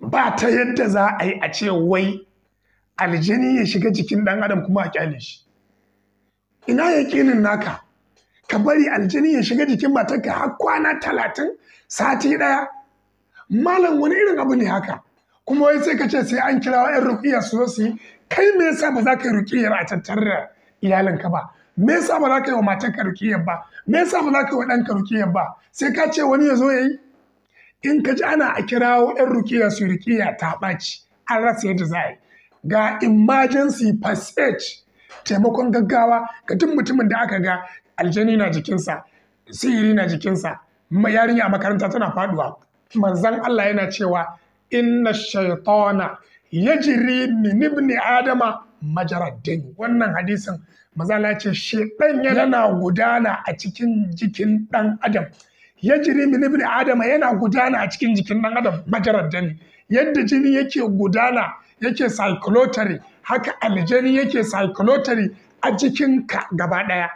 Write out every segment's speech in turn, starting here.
ba ta yadda za a yi a ce wai aljini ya shiga jikin ɗan adam kuma a kyale shi ina yakinin naka ka bari aljini ya shiga jikin matarka har kwana talatin sati ɗaya malam wani irin abu ne haka kuma wai sai ka ce sai an kira yan rukiya su zo su yi kai me yasa ba za ka yi rukiyar a tattare da iyalinka ba me yasa ba za ka yi wa matarka rukiyar ba me yasa ba za ka yi wa ɗanka rukiyar ba sai ka ce wani ya zo ya yi in ka ji ana a kirawo 'yan rukiya su rukiya ta ɓaci an rasa yadda za ga emergency passage taimakon gaggawa ga duk mutumin da aka ga aljani na jikinsa sihiri na jikinsa yarinya a makaranta tana faduwa manzan Allah yana cewa inna shaitana ya jiri minibni adama majaraddin wannan hadisin mazala ce ya yana gudana a cikin jikin dan adam Yajiri min adama yana gudana a cikin jikin dan adam majarar dani yadda jini yake gudana yake cyclotary haka aljani yake cyclotary a jikin ka gaba daya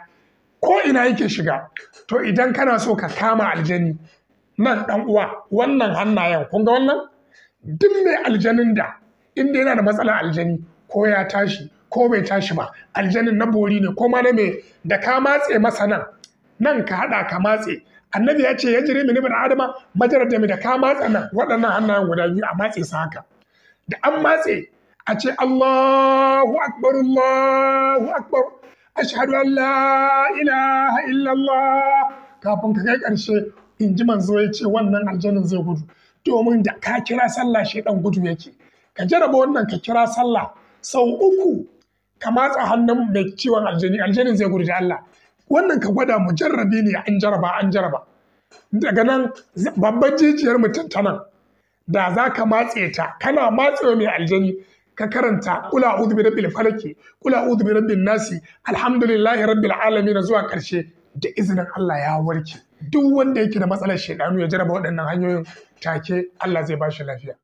ko ina yake shiga to idan kana so ka kama aljani nan dan uwa wannan hannayen kun ga wannan duk mai aljanin da inda yana da matsalar aljani ko ya tashi ko bai tashi ba aljanin na bori ne ko ma na da ka matse masa nan nan ka haɗa ka matse annabi ya ce ya jiri mini bin adama majara da da ka matsa nan waɗannan hannayen guda biyu a matse su haka da an matse a ce Allahu akbar Allahu akbar ashhadu an la ilaha illallah kafin ka kai ƙarshe in ji manzo ya ce wannan aljanin zai gudu domin da ka kira sallah shi dan gudu yake ka jaraba wannan ka kira sallah sau uku ka matsa hannun mai ciwon aljani aljanin zai gudu da Allah wannan ka gwada mu jarrabi ne an jaraba an jaraba daga nan babban jijiyar mutum ta da za ka matse ta kana matsewa mai aljani ka karanta kula udu, bi rabbil falaki kula udu, bi nasi alhamdulillahi rabbil alamin zuwa karshe da izinin Allah ya warke duk wanda yake da matsalar shedanu ya jaraba waɗannan hanyoyin take Allah zai ba shi lafiya